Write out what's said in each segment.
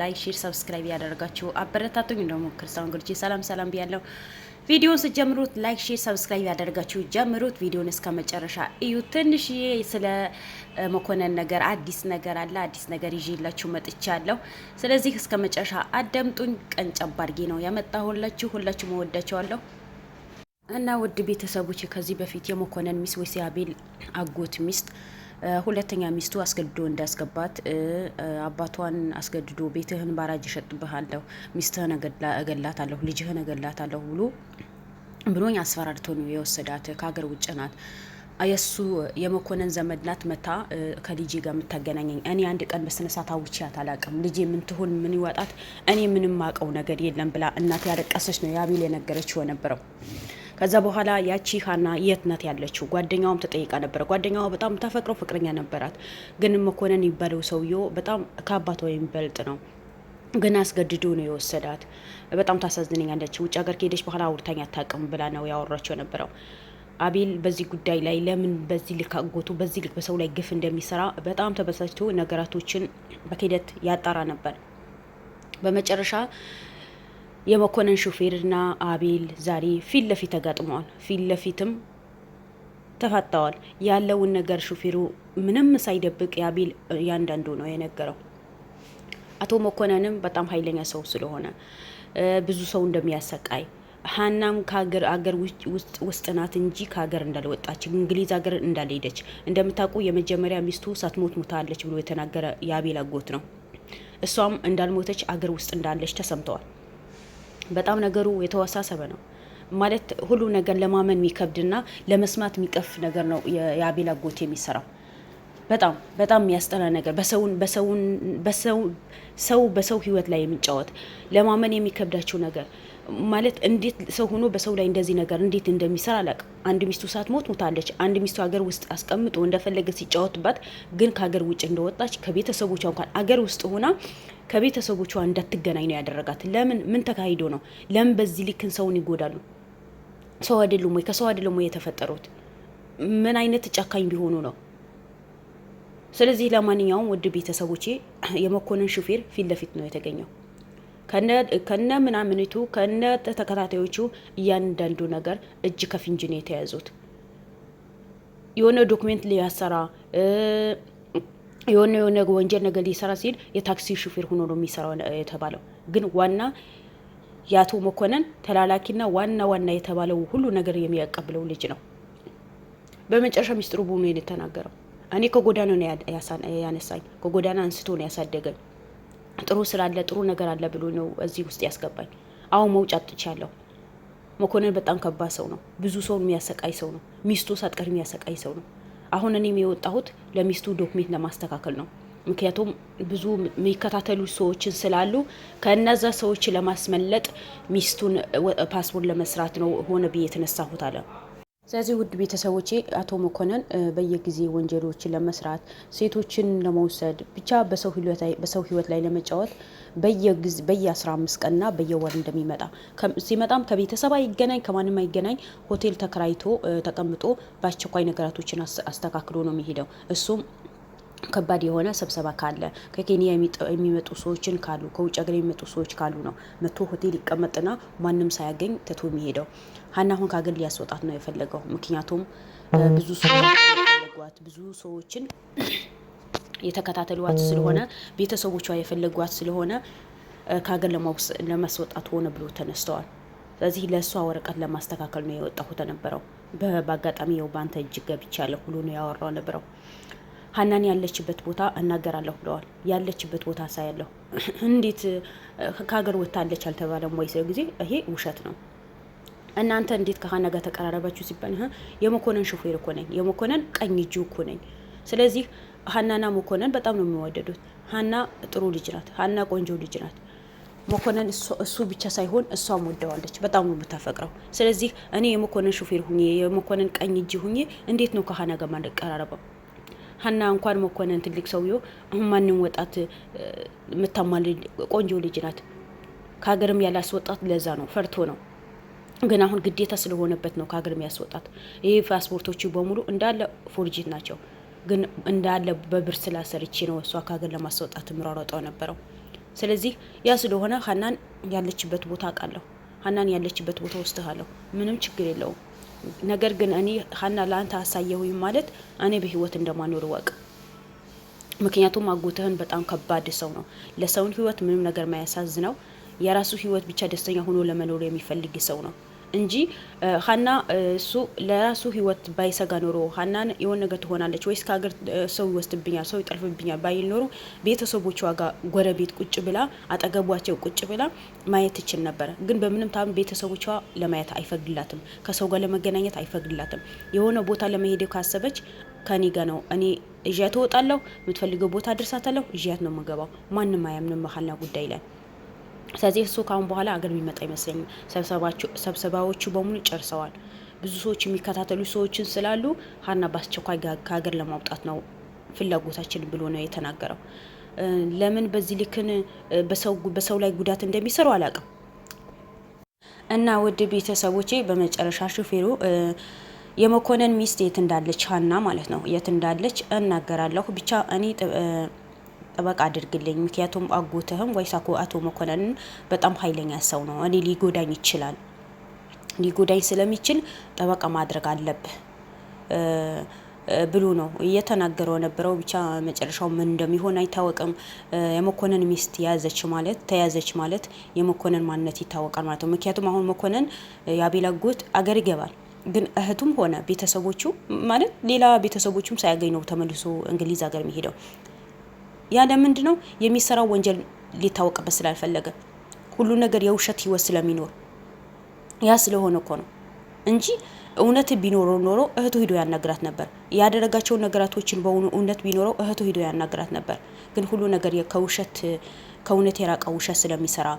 ላይ ሼር፣ ሰብስክራይብ ያደረጋችሁ አበረታቱኝ። ደግሞ ክርስቲያን ወገኖቼ ሰላም ሰላም ብያለሁ። ቪዲዮውን ስጀምሩት ላይክ፣ ሼር፣ ሰብስክራይብ ያደርጋችሁ ጀምሩት። ቪዲዮውን እስከ መጨረሻ እዩ። ትንሽ ስለ መኮንን ነገር አዲስ ነገር አለ። አዲስ ነገር ይዤላችሁ መጥቻለሁ። ስለዚህ እስከ መጨረሻ አዳምጡኝ። ቀን ጨባርጌ ነው ያመጣሁላችሁ። ሁላችሁ መወዳቸዋለሁ እና ውድ ቤተሰቦች ከዚህ በፊት የመኮንን ሚስት ወይስ የአቤል አጎት ሚስት ሁለተኛ ሚስቱ አስገድዶ እንዳስገባት አባቷን አስገድዶ ቤትህን ባራጅ እሸጥብሃለሁ፣ ሚስትህን እገላታለሁ፣ ልጅህን እገላታለሁ ብሎ ብሎኝ አስፈራርቶ ነው የወሰዳት። ከሀገር ውጭ ናት። የእሱ የመኮንን ዘመድ ናት። መታ ከልጄ ጋር የምታገናኘኝ እኔ አንድ ቀን በስነሳት አውቻት አላውቅም። ልጄ ምን ትሆን ምን ይወጣት እኔ ምንም አውቀው ነገር የለም ብላ እናት ያለቀሰች ነው የአቤል የነገረችው ነበረው። ከዛ በኋላ ያቺ ሀና የት ናት ያለችው? ጓደኛውም ተጠይቃ ነበረ። ጓደኛዋ በጣም ተፈቅሮ ፍቅረኛ ነበራት፣ ግን መኮንን የሚባለው ሰውየ በጣም ከአባቷ የሚበልጥ ነው ግን አስገድዶ ነው የወሰዳት። በጣም ታሳዝነኛለች። ውጭ ሀገር ከሄደች በኋላ አውርታኝ አታውቅም ብላ ነው ያወራቸው ነበረው። አቤል በዚህ ጉዳይ ላይ ለምን በዚህ ልክ አጎቱ በዚህ ልክ በሰው ላይ ግፍ እንደሚሰራ በጣም ተበሳጭቶ ነገራቶችን በክህደት ያጣራ ነበር በመጨረሻ የመኮንን ሹፌርና አቤል ዛሬ ፊት ለፊት ተጋጥመዋል። ፊት ለፊትም ተፋጠዋል። ያለውን ነገር ሹፌሩ ምንም ሳይደብቅ የአቤል እያንዳንዱ ነው የነገረው። አቶ መኮንንም በጣም ኃይለኛ ሰው ስለሆነ ብዙ ሰው እንደሚያሰቃይ ሀናም ከሀገር አገር ውስጥ ናት እንጂ ከሀገር እንዳልወጣች እንግሊዝ ሀገር እንዳልሄደች እንደምታውቁ የመጀመሪያ ሚስቱ ሳትሞት ሞታለች ብሎ የተናገረ የአቤል አጎት ነው። እሷም እንዳልሞተች አገር ውስጥ እንዳለች ተሰምተዋል። በጣም ነገሩ የተወሳሰበ ነው ማለት ሁሉ ነገር ለማመን የሚከብድና ለመስማት የሚቀፍ ነገር ነው የአቤል አጎት የሚሰራው። በጣም በጣም የሚያስጠላ ነገር በሰውን በሰውን በሰው ሰው በሰው ህይወት ላይ የሚጫወት ለማመን የሚከብዳቸው ነገር ማለት እንዴት ሰው ሆኖ በሰው ላይ እንደዚህ ነገር እንዴት እንደሚሰራ አላውቅም። አንድ ሚስቱ ሞት ሞታለች። አንድ ሚስቱ ሀገር ውስጥ አስቀምጦ እንደፈለገ ሲጫወትባት፣ ግን ከሀገር ውጭ እንደወጣች ከቤተሰቦቿ እንኳን አገር ውስጥ ሆና ከቤተሰቦቿ እንዳትገናኝ ነው ያደረጋት። ለምን? ምን ተካሂዶ ነው? ለምን በዚህ ልክን ሰውን ይጎዳሉ? ሰው አይደሉም ወይ? ከሰው አይደሉም ወይ የተፈጠሩት? ምን አይነት ጨካኝ ቢሆኑ ነው? ስለዚህ ለማንኛውም ውድ ቤተሰቦቼ የመኮንን ሹፌር ፊት ለፊት ነው የተገኘው። ከነ ምናምኒቱ ከነ ተከታታዮቹ እያንዳንዱ ነገር እጅ ከፍንጅ ነው የተያዙት። የሆነ ዶክሜንት ሊያሰራ የሆነ የሆነ ወንጀል ነገር ሊሰራ ሲል የታክሲ ሹፌር ሆኖ ነው የሚሰራው የተባለው። ግን ዋና የአቶ መኮንን ተላላኪና ዋና ዋና የተባለው ሁሉ ነገር የሚያቀብለው ልጅ ነው። በመጨረሻ ሚስጥሩ ቡኑ የተናገረው እኔ ከጎዳና ነው ያነሳኝ፣ ከጎዳና አንስቶ ነው ያሳደገኝ። ጥሩ ስላለ ጥሩ ነገር አለ ብሎ ነው እዚህ ውስጥ ያስገባኝ። አሁን መውጫ አጥቻለሁ። መኮንን በጣም ከባድ ሰው ነው። ብዙ ሰውን የሚያሰቃይ ሰው ነው። ሚስቱ ሳትቀር የሚያሰቃይ ሰው ነው። አሁን እኔም የወጣሁት ለሚስቱ ዶክሜንት ለማስተካከል ነው። ምክንያቱም ብዙ የሚከታተሉ ሰዎችን ስላሉ ከእነዛ ሰዎች ለማስመለጥ ሚስቱን ፓስፖርት ለመስራት ነው ሆነ ብዬ የተነሳሁት አለ። ስለዚህ ውድ ቤተሰቦቼ አቶ መኮንን በየጊዜ ወንጀሎችን ለመስራት ሴቶችን ለመውሰድ ብቻ በሰው ህይወት ላይ ለመጫወት በየ15 ቀንና በየወር እንደሚመጣ ሲመጣም ከቤተሰብ አይገናኝ ከማንም አይገናኝ ሆቴል ተከራይቶ ተቀምጦ በአስቸኳይ ነገራቶችን አስተካክሎ ነው የሚሄደው እሱም ከባድ የሆነ ስብሰባ ካለ ከኬንያ የሚመጡ ሰዎችን ካሉ ከውጭ ሀገር የሚመጡ ሰዎች ካሉ ነው መቶ ሆቴል ይቀመጥና ማንም ሳያገኝ ትቶ የሚሄደው። ሀና አሁን ከሀገር ሊያስወጣት ነው የፈለገው። ምክንያቱም ብዙ ሰዎች ብዙ ሰዎችን የተከታተሏት ስለሆነ ቤተሰቦቿ የፈለጓት ስለሆነ ከሀገር ለማስወጣት ሆነ ብሎ ተነስተዋል። ስለዚህ ለእሷ ወረቀት ለማስተካከል ነው የወጣሁት ነበረው። በአጋጣሚ የው ባንተ እጅ ገብቻለሁ ብሎ ነው ያወራው ነበረው ሀናን ያለችበት ቦታ እናገራለሁ ብለዋል። ያለችበት ቦታ ሳያለሁ እንዴት ከሀገር ወታለች አልተባለም ወይ? ጊዜ ይሄ ውሸት ነው። እናንተ እንዴት ከሀና ጋር ተቀራረባችሁ ሲባል የመኮነን ሹፌር እኮ ነኝ፣ የመኮነን ቀኝ እጁ እኮ ነኝ። ስለዚህ ሀናና መኮነን በጣም ነው የሚወደዱት ሀና ጥሩ ልጅ ናት። ሀና ቆንጆ ልጅ ናት። መኮነን እሱ ብቻ ሳይሆን እሷም ወደዋለች። በጣም ነው የምታፈቅረው። ስለዚህ እኔ የመኮነን ሹፌር ሁኜ የመኮነን ቀኝ እጅ ሁኜ እንዴት ነው ከሀና ጋር ማንቀራረበው? ሀና እንኳን መኮንን ትልቅ ሰውዬው አሁን ማንም ወጣት የምታማልድ ቆንጆ ልጅ ናት። ከሀገርም ያላስወጣት ለዛ ነው ፈርቶ ነው። ግን አሁን ግዴታ ስለሆነበት ነው ከሀገርም ያስወጣት። ይህ ፓስፖርቶቹ በሙሉ እንዳለ ፎርጅት ናቸው። ግን እንዳለ በብር ስላሰርቼ ነው እሷ ከሀገር ለማስወጣት የምሯሯጠው ነበረው። ስለዚህ ያ ስለሆነ ሀናን ያለችበት ቦታ አውቃለሁ። ሀናን ያለችበት ቦታ ወስድሃለሁ። ምንም ችግር የለውም። ነገር ግን እኔ ሀና ለአንተ አሳየሁኝ ማለት እኔ በህይወት እንደማኖር ወቅ ምክንያቱም አጎትህን በጣም ከባድ ሰው ነው። ለሰውን ህይወት ምንም ነገር ነው። የራሱ ህይወት ብቻ ደስተኛ ሆኖ ለመኖር የሚፈልግ ሰው ነው። እንጂ ሀና እሱ ለራሱ ህይወት ባይሰጋ ኖሮ ሀናን የሆነ ነገር ትሆናለች ወይስ ከሀገር ሰው ይወስድብኛል፣ ሰው ይጠልፍብኛል ባይል ኖሮ ቤተሰቦቿ ጋር ጎረቤት ቁጭ ብላ አጠገቧቸው ቁጭ ብላ ማየት ትችል ነበረ። ግን በምንም ታም ቤተሰቦቿ ለማየት አይፈቅድላትም፣ ከሰው ጋር ለመገናኘት አይፈቅድላትም። የሆነ ቦታ ለመሄድ ካሰበች ከኔ ጋ ነው እኔ እዣ ትወጣለሁ፣ የምትፈልገው ቦታ አድርሳታለሁ፣ እዣት ነው የምገባው፣ ማንም አያምንም መሀልና ጉዳይ ላይ ስለዚህ እሱ ካሁን በኋላ አገር የሚመጣ አይመስለኝም። ሰብሰባዎቹ በሙሉ ጨርሰዋል። ብዙ ሰዎች የሚከታተሉ ሰዎችን ስላሉ ሀና በአስቸኳይ ከሀገር ለማውጣት ነው ፍላጎታችን ብሎ ነው የተናገረው። ለምን በዚህ ልክን በሰው ላይ ጉዳት እንደሚሰሩ አላውቅም። እና ውድ ቤተሰቦቼ በመጨረሻ ሹፌሩ የመኮንን ሚስት የት እንዳለች ሀና ማለት ነው የት እንዳለች እናገራለሁ ብቻ እኔ ጠበቅ አድርግልኝ፣ ምክንያቱም አጎትህም ወይስ አቶ መኮነንን በጣም ኃይለኛ ሰው ነው፣ እኔ ሊጎዳኝ ይችላል፣ ሊጎዳኝ ስለሚችል ጥበቃ ማድረግ አለብህ ብሎ ነው እየተናገረው ነበረው ብቻ መጨረሻው ምን እንደሚሆን አይታወቅም። የመኮንን ሚስት ያዘች ማለት ተያዘች ማለት የመኮንን ማንነት ይታወቃል ማለት ነው። ምክንያቱም አሁን መኮንን የአቤል አጎት አገር ይገባል፣ ግን እህቱም ሆነ ቤተሰቦቹ ማለት ሌላ ቤተሰቦቹም ሳያገኝ ነው ተመልሶ እንግሊዝ ሀገር የሚሄደው። ያለ ምንድ ነው የሚሰራው ወንጀል ሊታወቅበት ስላልፈለገ ሁሉ ነገር የውሸት ህይወት ስለሚኖር ያ ስለሆነ እኮ ነው እንጂ እውነት ቢኖረው ኖሮ እህቱ ሂዶ ያናግራት ነበር። ያደረጋቸውን ነገራቶችን በእውኑ እውነት ቢኖረው እህቱ ሂዶ ያናግራት ነበር። ግን ሁሉ ነገር ከውሸት ከእውነት የራቀ ውሸት ስለሚሰራ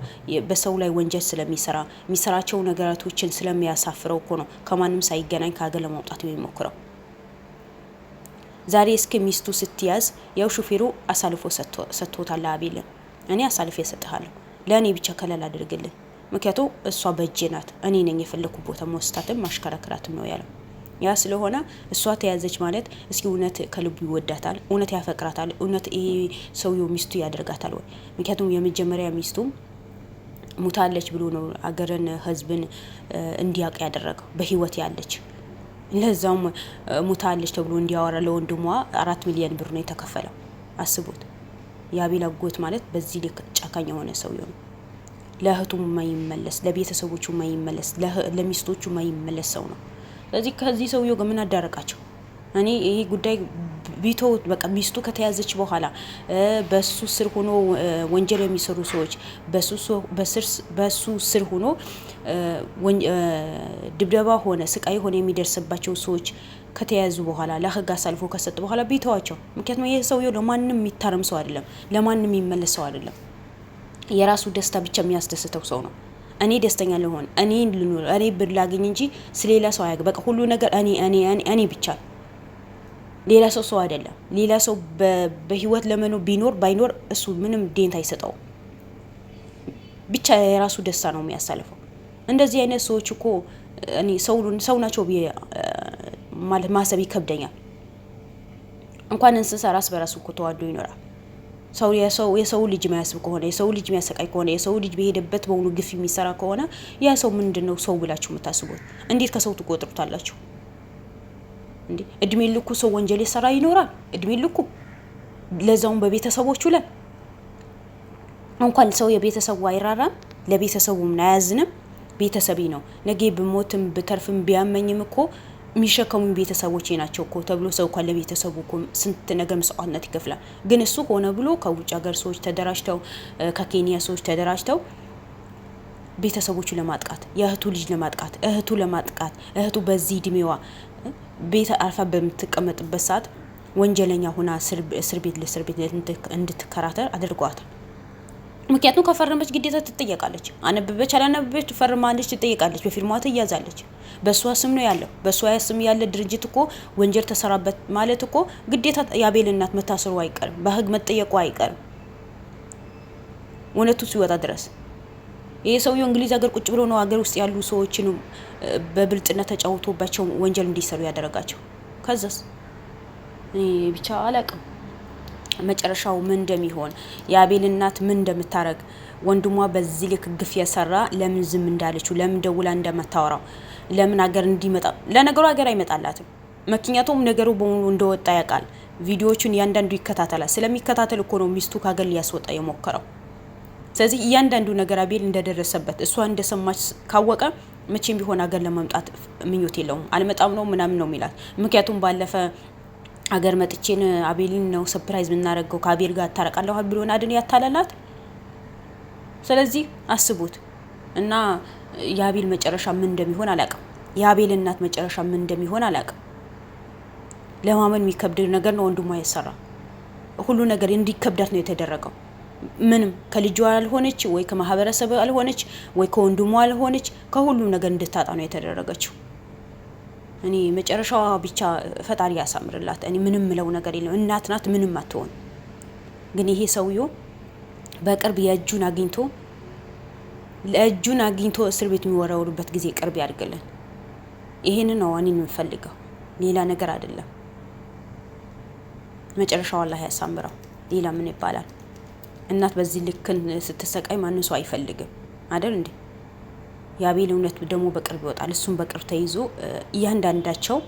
በሰው ላይ ወንጀል ስለሚሰራ የሚሰራቸው ነገራቶችን ስለሚያሳፍረው እኮ ነው ከማንም ሳይገናኝ ከሀገር ለማውጣት የሚሞክረው። ዛሬ እስከ ሚስቱ ስትያዝ ያው ሹፌሩ አሳልፎ ሰጥቶታል። አቤልን እኔ አሳልፌ እሰጥሃለሁ፣ ለእኔ ብቻ ከለል አድርግልን፣ ምክንያቱ እሷ በእጄ ናት፣ እኔ ነኝ የፈለግኩ ቦታ መወስታትም ማሽከረከራትም ነው ያለው። ያ ስለሆነ እሷ ተያዘች ማለት እስኪ እውነት ከልቡ ይወዳታል፣ እውነት ያፈቅራታል፣ እውነት ይሄ ሰውየው ሚስቱ ያደርጋታል ወይ? ምክንያቱም የመጀመሪያ ሚስቱም ሙታለች ብሎ ነው አገርን ህዝብን እንዲያውቅ ያደረገው በህይወት ያለች ለዛውም ሙታለች ተብሎ እንዲያወራ ለወንድሟ አራት ሚሊዮን ብር ነው የተከፈለው። አስቡት። የአቤል አጎት ማለት በዚህ ልክ ጨካኝ የሆነ ሰው ይሆን? ለእህቱ ማይመለስ፣ ለቤተሰቦቹ ማይመለስ፣ ለሚስቶቹ ማይመለስ ሰው ነው። ስለዚህ ከዚህ ሰውየው ጋር ምን አዳረቃቸው? እኔ ይሄ ጉዳይ ቢቶ በቃ ሚስቱ ከተያዘች በኋላ በሱ ስር ሆኖ ወንጀል የሚሰሩ ሰዎች በሱ ስር ሆኖ ድብደባ ሆነ ስቃይ ሆነ የሚደርስባቸው ሰዎች ከተያዙ በኋላ ለህግ አሳልፎ ከሰጡ በኋላ ቢተዋቸው። ምክንያቱም ይህ ሰውየው ለማንም የሚታረም ሰው አይደለም፣ ለማንም የሚመለስ ሰው አይደለም። የራሱ ደስታ ብቻ የሚያስደስተው ሰው ነው። እኔ ደስተኛ ልሆን፣ እኔ እኔ ብር እንጂ ስለሌላ ሰው አያገ በቃ ሁሉ ነገር እኔ እኔ እኔ ብቻ ሌላ ሰው ሰው አይደለም። ሌላ ሰው በህይወት ለመኖር ቢኖር ባይኖር እሱ ምንም ዴንት አይሰጠውም። ብቻ የራሱ ደስታ ነው የሚያሳልፈው። እንደዚህ አይነት ሰዎች እኮ እኔ ሰው ናቸው ማለት ማሰብ ይከብደኛል። እንኳን እንስሳ ራስ በራሱ እኮ ተዋዶ ይኖራል። ሰው የሰው ልጅ የሚያስብ ከሆነ የሰው ልጅ የሚያሰቃይ ከሆነ የሰው ልጅ በሄደበት በሆኑ ግፍ የሚሰራ ከሆነ ያ ሰው ምንድን ነው ሰው ብላችሁ የምታስቡት? እንዴት ከሰው ትቆጥሩታላችሁ? እንዴ እድሜ ልኩ ሰው ወንጀል የሰራ ይኖራል። እድሜ ልኩ ለዛውም በቤተሰቦቹ ላይ እንኳን ሰው የቤተሰቡ አይራራም፣ ለቤተሰቡም አያዝንም። ቤተሰቢ ነው ነገ ብሞትም ብተርፍም ቢያመኝም እኮ የሚሸከሙ ቤተሰቦቼ ናቸው እኮ ተብሎ ሰው እንኳን ለቤተሰቡ እኮ ስንት ነገ መስዋዕትነት ይከፍላል። ግን እሱ ሆነ ብሎ ከውጭ ሀገር ሰዎች ተደራጅተው ከኬንያ ሰዎች ተደራጅተው ቤተሰቦቹ ለማጥቃት የእህቱ ልጅ ለማጥቃት እህቱ ለማጥቃት እህቱ በዚህ እድሜዋ ቤት አርፋ በምትቀመጥበት ሰዓት ወንጀለኛ ሆና እስር ቤት ለእስር ቤት እንድትከራተር አድርጓታል። ምክንያቱም ከፈረመች ግዴታ ትጠየቃለች። አነብበች አላነብበች ፈርማለች፣ ትጠየቃለች፣ በፊርማ ትያዛለች። በእሷ ስም ነው ያለው። በእሷ ስም ያለ ድርጅት እኮ ወንጀል ተሰራበት ማለት እኮ ግዴታ የአቤል እናት መታሰሩ አይቀርም፣ በህግ መጠየቁ አይቀርም እውነቱ ሲወጣ ድረስ ይሄ ሰውየው እንግሊዝ ሀገር ቁጭ ብሎ ነው ሀገር ውስጥ ያሉ ሰዎችን በብልጥነት ተጫውቶባቸው ወንጀል እንዲሰሩ ያደረጋቸው። ከዛስ ብቻ አላቅም መጨረሻው ምን እንደሚሆን የአቤል እናት ምን እንደምታረግ ወንድሟ በዚህ ልክ ግፍ የሰራ ለምን ዝም እንዳለችው፣ ለምን ደውላ እንደማታወራው፣ ለምን ሀገር እንዲመጣ ለነገሩ ሀገር አይመጣላትም። ምክንያቱም ነገሩ በሙሉ እንደወጣ ያውቃል። ቪዲዮዎቹን እያንዳንዱ ይከታተላል። ስለሚከታተል እኮ ነው ሚስቱ ከሀገር ሊያስወጣ የሞከረው። ስለዚህ እያንዳንዱ ነገር አቤል እንደደረሰበት እሷ እንደሰማች ካወቀ መቼም ቢሆን ሀገር ለመምጣት ምኞት የለውም። አልመጣም ነው ምናምን ነው የሚላት። ምክንያቱም ባለፈ ሀገር መጥቼን አቤልን ነው ሰፕራይዝ የምናደርገው ከአቤል ጋር ታረቃለሁ ብሎ አድን ያታለላት። ስለዚህ አስቡት እና የአቤል መጨረሻ ምን እንደሚሆን አላቅም። የአቤል እናት መጨረሻ ምን እንደሚሆን አላቅም። ለማመን የሚከብድ ነገር ነው። ወንድሟ ያሰራ ሁሉ ነገር እንዲከብዳት ነው የተደረገው። ምንም ከልጇ አልሆነች ወይ ከማህበረሰብ አልሆነች ወይ ከወንድሟ አልሆነች ከሁሉም ነገር እንድታጣ ነው የተደረገችው። እኔ መጨረሻዋ ብቻ ፈጣሪ ያሳምርላት። እኔ ምንም ምለው ነገር የለም። እናት ናት፣ ምንም አትሆን። ግን ይሄ ሰውዬው በቅርብ የእጁን አግኝቶ ለእጁን አግኝቶ እስር ቤት የሚወረውሩበት ጊዜ ቅርብ ያድርግልን። ይህን ነው እኔ ሌላ ነገር አይደለም። መጨረሻው አላህ ያሳምረው። ሌላ ምን ይባላል? እናት በዚህ ልክን ስትሰቃይ ማንም ሰው አይፈልግም አደል እንዴ? የአቤል እውነት ደግሞ በቅርብ ይወጣል። እሱም በቅርብ ተይዞ እያንዳንዳቸው